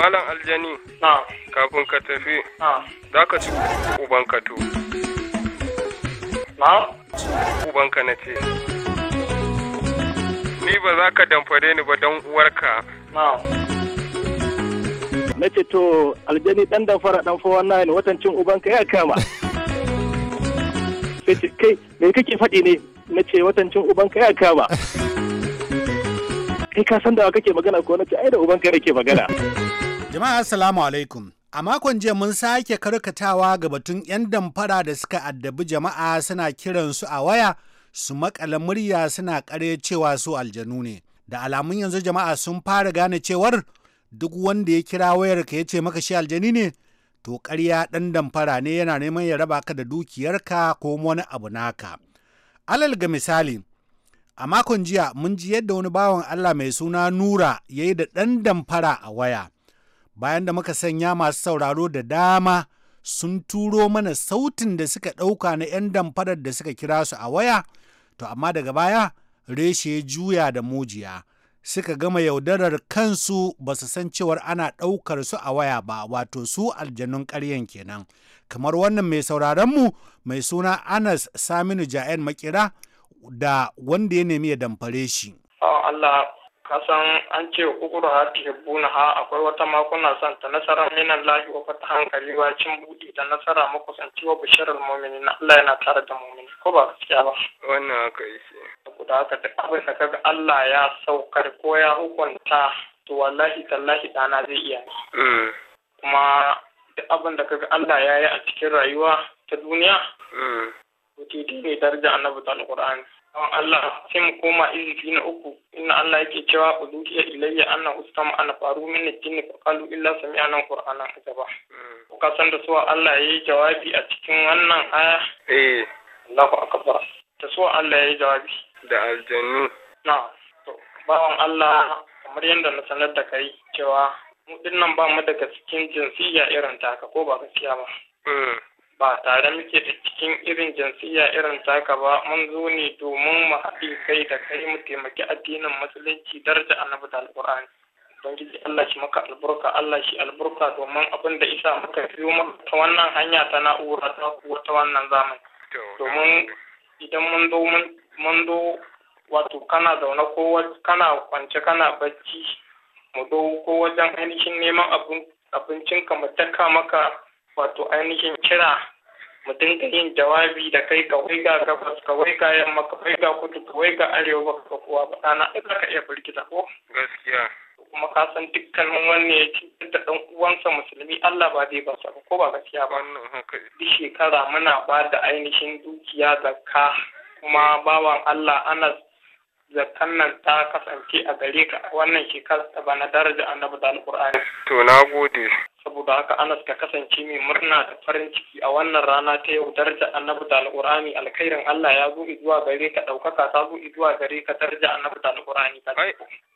Malam aljani. Kafin ka tafi. Za ka ci ubanka to. Ubanka na ce. Ni ba za ka damfare ni ba don uwarka. Na ce to aljani dan damfara dan fowa na ne watan cin ubanka ya kama. Sai kai me kake faɗi ne? Na ce watan cin ubanka ya kama. Kai ka san da kake magana ko na ce ai da ubanka yake magana. Jama'a Assalamu alaikum. A makon jiya mun sake karkatawa ga batun 'yan damfara da suka addabi jama'a suna kiransu a waya su makala murya suna kare cewa su aljanu ne. Da alamun yanzu jama'a sun fara gane cewar duk wanda ya kira wayarka ya ce maka shi aljani ne to ƙarya ɗan damfara ne yana neman ya raba ka da dukiyarka ko wani abu naka. Alal ga misali, a makon jiya mun ji yadda wani bawan Allah mai suna Nura ya yi da ɗan damfara a waya. bayan da muka sanya masu sauraro da dama sun turo mana sautin da suka ɗauka na 'yan damfarar da suka kira su a waya, to amma daga baya reshe juya da mujiya. Suka gama yaudarar kansu ba su san cewar ana ɗaukar su a waya ba, wato su aljanun ƙaryan kenan. Kamar wannan mai sauraronmu mai suna Anas Saminu Ja'en Makira da wanda ya nemi ya damfare shi. Oh, Allah kasan an ce ukuru ha tuhibbuna ha akwai wata makuna kuna son ta nasara minan lahi wa fata hankali wa cin buɗe da nasara makusanci wa bisharar na Allah yana tare da mu'mini ko ba gaskiya ba wannan haka yake saboda haka duk abin da kaga Allah ya saukar ko ya hukunta to wallahi tallahi dana zai iya mm. kuma duk abin da kaga Allah ya yi a cikin rayuwa ta duniya mm. to ne daraja annabi ta alqur'ani don Allah sai mu koma izifi na uku inna Allah yake cewa ya ilayya anna ustam ana faru min al-jinn fa qalu illa sami'na qur'ana ajaba hmm. ka san da suwa Allah yayi jawabi a cikin wannan aya eh Allahu akbar da suwa Allah yayi jawabi da aljannu na to bawan Allah kamar yadda na sanar da kai cewa mu dinnan ba mu daga cikin jinsiya irin taka ko ba gaskiya ba hmm. ba tare muke da cikin irin jinsiya irin taka ba mun zo ne domin mu haɗe kai da kai mu taimaki addinin musulunci daraja annabi da alƙur'ani ubangiji Allah shi maka albarka Allah shi albarka domin abin da isa muka biyo ta wannan hanya ta na'ura ta kuwa ta wannan zamani domin idan mun zo mun zo wato kana zaune ko kana kwance kana bacci mu zo ko wajen ainihin neman abincinka mu taka maka wato ainihin kira mu dinga yin jawabi da kai ka ga gabas ka ga yamma ka ga kudu ka ga arewa ba ka kowa ba ɗana ai za ka iya firgita ko gaskiya kuma ka san dukkanin wani ya ci da ɗan uwansa musulmi Allah ba zai ba ba ko ba gaskiya ba duk shekara muna ba da ainihin dukiya zakka kuma bawan Allah ana zakkan nan ta kasance a gare ka wannan shekara ta bana daraja annabi da alƙur'ani to na gode saboda haka Anas ka kasance mai murna da farin ciki a wannan rana ta yau darja annabi da alqur'ani alkhairin Allah ya zo zuwa gare ka ɗaukaka ta zo zuwa gare ka darja annabi da alqur'ani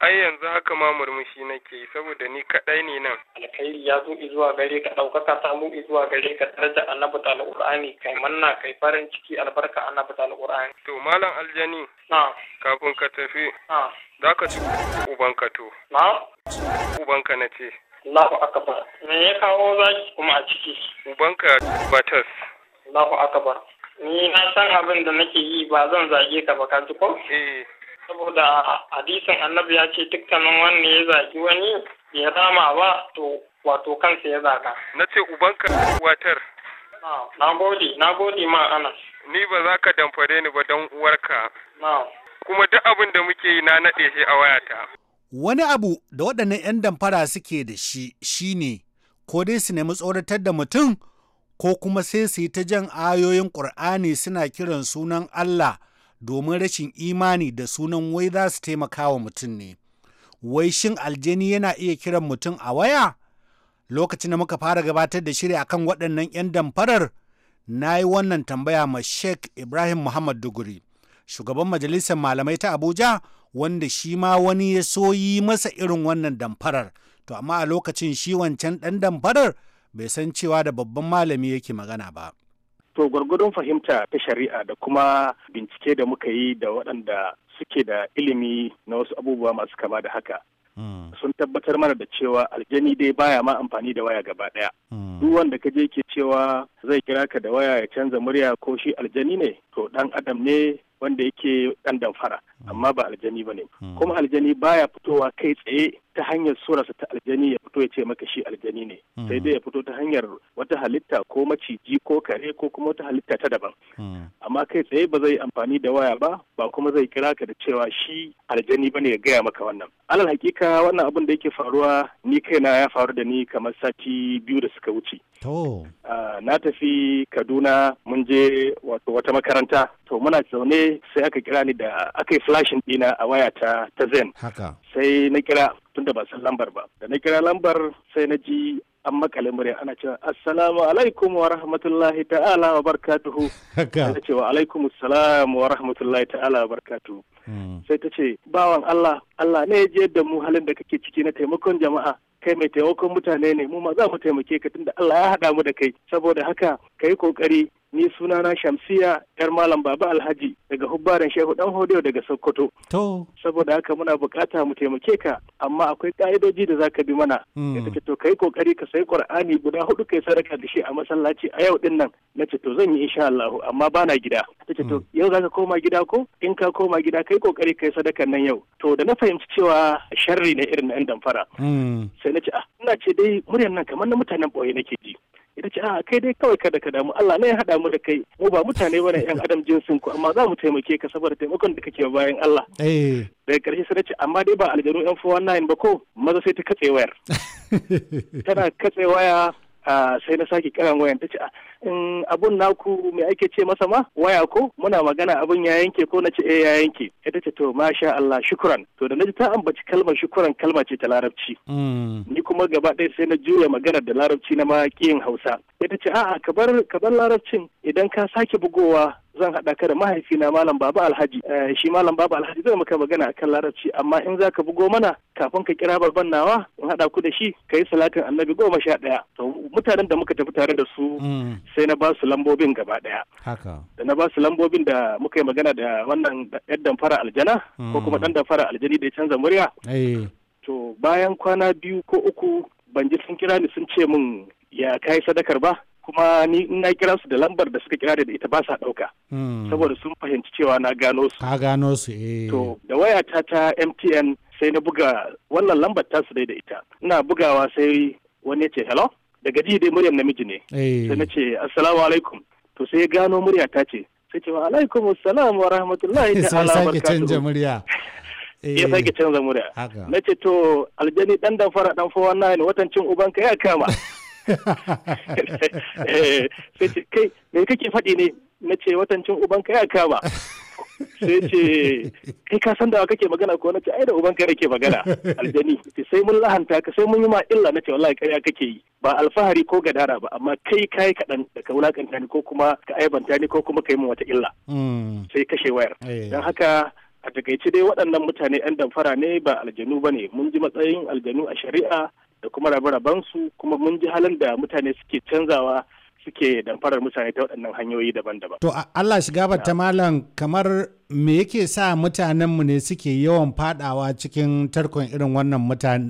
ai yanzu haka ma murmushi nake saboda ni kadai ne nan alkhairi ya zo zuwa gare ka ɗaukaka ta zo zuwa gare ka darja annabi da alqur'ani kai manna kai farin ciki albarka annabi da alqur'ani to malam aljani na kafin ka tafi na ka ci ubanka to na ubanka na ce Allahu akbar. Me ya kawo zaki kuma a ciki? Ubanka batas. Allahu akbar. Ni na san abin da nake yi ba zan zage ka ba ka ji ko? Eh. Saboda hadisin Annabi ya ce dukkanin wanda ya zagi wani ya rama ba to wato kansa ya zaga. Na ce ubanka watar. Na gode, na gode ma Anas. Ni ba za ka damfare ni ba don uwarka. Kuma duk abin da muke yi na naɗe shi a wayata. Wani abu da waɗannan 'yan damfara suke da shi shi ne ko dai su nemi tsoratar da mutum ko kuma sai su yi ta jan ayoyin ƙur'ani suna kiran sunan Allah domin rashin imani da sunan wai za su taimaka wa mutum ne. Wai shin aljani yana iya kiran mutum a waya? Lokacin da muka fara gabatar da shiri akan waɗannan 'yan damfarar, na yi wannan tambaya ma Sheikh Ibrahim Muhammad Duguri. shugaban majalisar malamai ta abuja wanda shi ma wani ya so yi masa irin wannan damfarar to amma a lokacin shi wancan ɗan damfarar bai san cewa da babban malami yake magana ba to gwargwadon fahimta ta shari'a da kuma bincike da muka yi da waɗanda suke da ilimi na wasu abubuwa masu kama da haka hmm. sun tabbatar mana da cewa aljani dai baya ma amfani da waya gaba daya hmm. duk wanda ka je ke cewa zai kira ka da waya ya canza murya ko shi aljani ne to ɗan adam ne wanda yake ɗan damfara amma ba aljani ba ne hmm. kuma aljani baya fitowa kai tsaye ta hanyar surarsa ta aljani ya fito ya ce maka shi aljani ne hmm. sai dai ya fito ta hanyar wata halitta ko maciji ko kare ko kuma wata halitta ta daban hmm. amma kai tsaye ba zai amfani da waya ba ba kuma zai kira ka da cewa shi aljani bane ya gaya maka wannan alal hakika wannan abun da yake faruwa ni kaina ya faru da ni kamar sati biyu da suka wuce to na tafi kaduna mun je wato wata makaranta to muna zaune sai aka kira ni da aka yi flashin dina a waya ta ta zen haka sai na kira tunda ba san lambar ba da na kira lambar sai na ji an makale murya ana cewa assalamu alaikum wa rahmatullahi ta'ala wa barakatuhu ana cewa alaikum assalam wa rahmatullahi ta'ala wa barakatuhu hmm. sai ta ce bawan Allah Allah ne ya je da mu halin da kake ciki na taimakon jama'a kai mai taimakon mutane ne mu ma za mu taimake ka tunda Allah ya haɗa mu da kai saboda haka ka yi kokari ni sunana shamsiya yar malam baba alhaji daga hubbaren shehu dan hodeo daga sokoto saboda haka muna bukata mu taimake ka amma akwai ka'idoji da zaka bi mana ya hmm. to kai kokari ka sai qur'ani guda hudu kai sadaka da shi a masallaci a yau din nan na ce to zan yi insha Allah amma bana gida ta ce to hmm. yau zaka koma gida ko in ka koma gida kai kokari kai sadakan nan yau to da na fahimci cewa sharri ne irin na damfara hmm. sai na ce ah ina ce dai muryan nan kamar na mutanen boye nake ji ita ce a kai dai kawai kada ka damu Allah ne ya haɗa mu da kai mu ba mutane bane yan adam jinsin ku amma za mu taimake ka saboda taimakon da kake bayan Allah eh. daga ƙarshe sai ce amma dai ba aljanu yan 419 ba ko maza sai ta katse wayar tana katse waya sai na sake kiran wayan ta ce ah, in abun naku me ake ce masa ma waya ko muna magana abun ya yanke ko na ce eh ya yanke ita ce to masha Allah shukran to da naji ta ambaci kalmar shukran kalma ce ta larabci mm. ni kuma gaba ɗaya sai na juya magana da larabci na ma Hausa ita ce a'a ka bar larabcin idan ka sake bugowa zan haɗa ka da mahaifina malam baba alhaji eh, shi malam baba alhaji zai maka magana akan larabci amma in za ka bugo mana kafin ka kira babban nawa in haɗa ku da shi ka yi salatin annabi goma sha ɗaya to mutanen da muka tafi tare da su mm. sai na ba su lambobin gaba ɗaya da na ba su lambobin da muka yi magana da wannan ɗan damfara aljana ko kuma mm. ɗan damfara aljani da ya canza murya eh. to bayan kwana biyu ko uku ban ji sun kira ni sun ce mun ya kai sadakar ba kuma ni in na kira su da lambar da suka kira da ita ba sa dauka hmm. Saboda sun fahimci cewa na gano su. Ka gano su eh. To da waya ta ta MTN sai na buga wannan lambar su dai da ita. Ina bugawa sai wani ya ce hello daga ji dai muryar namiji ne. Eh. Sai na ce assalamu alaikum. To sai ya gano murya ta ce sai ce wa alaikum assalam wa rahmatullahi ta'ala barkatuhu. Sai canja murya. ya sake canza murya. Eh, na ce to aljani dan dan fara dan fowa na watan cin ubanka ya kama. sai ce kai me kake faɗi ne na ce watancin uban ka ya sai ce kai ka san da kake magana ko na ce ai da uban kai yake magana aljani sai mun lahanta ka sai mun yi ma illa na ce wallahi kai kake yi ba alfahari ko gadara ba amma kai kai kaɗan da ka wulakanta ni ko kuma ka aibanta ni ko kuma ka yi wata illa hmm. sai kashe wayar eh. dan haka a takaice dai waɗannan mutane 'yan damfara ne ba aljanu ba ne mun ji matsayin aljanu a shari'a da kuma rabe su kuma mun ji halin da mutane suke canzawa suke damfarar mutane ta waɗannan hanyoyi daban-daban. To Allah shiga ta malam kamar me yake sa mutanen mu ne suke yawan fadawa cikin tarkon irin wannan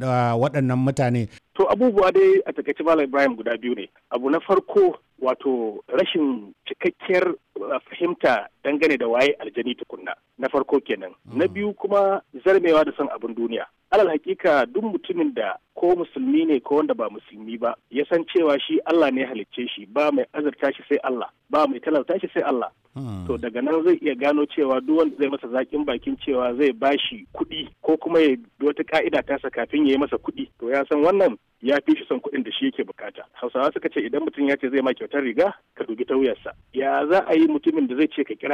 ah, waɗannan mutane? To abubuwa dai a takaice malam Ibrahim guda biyu ne. Abu na farko wato rashin cikakkiyar ah, fahimta dangane da waye aljani tukunna na farko kenan hmm. na biyu kuma zarmewa da son abin duniya alal hakika duk mutumin da ko musulmi ne ko wanda ba musulmi ba ya san cewa shi Allah ne halicce shi ba mai azurta shi sai Allah ba mai talauta shi sai Allah hmm. to daga nan zai iya gano cewa duk wanda zai masa zakin bakin cewa zai bashi kuɗi ko kuma ya wata ka'ida tasa kafin ya yi masa kuɗi to ya san wannan ya fi shi son kuɗin da shi yake bukata hausawa suka ce idan mutum ya ce zai ma kyautar riga ka dubi ta wuyarsa ya za a yi mutumin da zai ce ka kira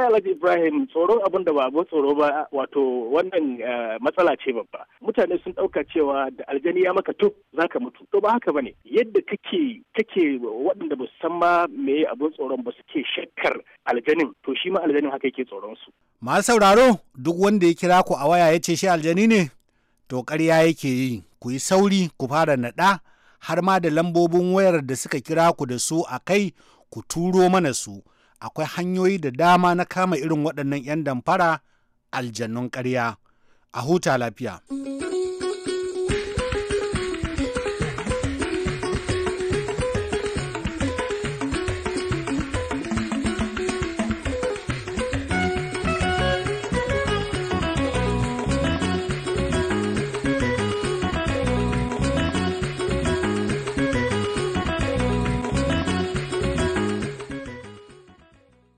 ai alhaji ibrahim tsoron abin da ba tsoro ba wato wannan eh, matsala ce babba mutane sun ɗauka cewa da aljani ya maka to ka mutu to ba haka ba ne yadda kake kake waɗanda ba su san ma me abin tsoron ba suke shakkar aljanin to shi ma aljanin haka yake tsoron su masu sauraro duk wanda ya kira ku a waya ya ce shi aljani ne to ƙarya yake yi ku yi sauri ku fara naɗa har ma da lambobin wayar da suka kira ku da su a kai ku turo mana su akwai hanyoyi da dama na kama irin waɗannan 'yan damfara aljannun ƙarya a huta lafiya.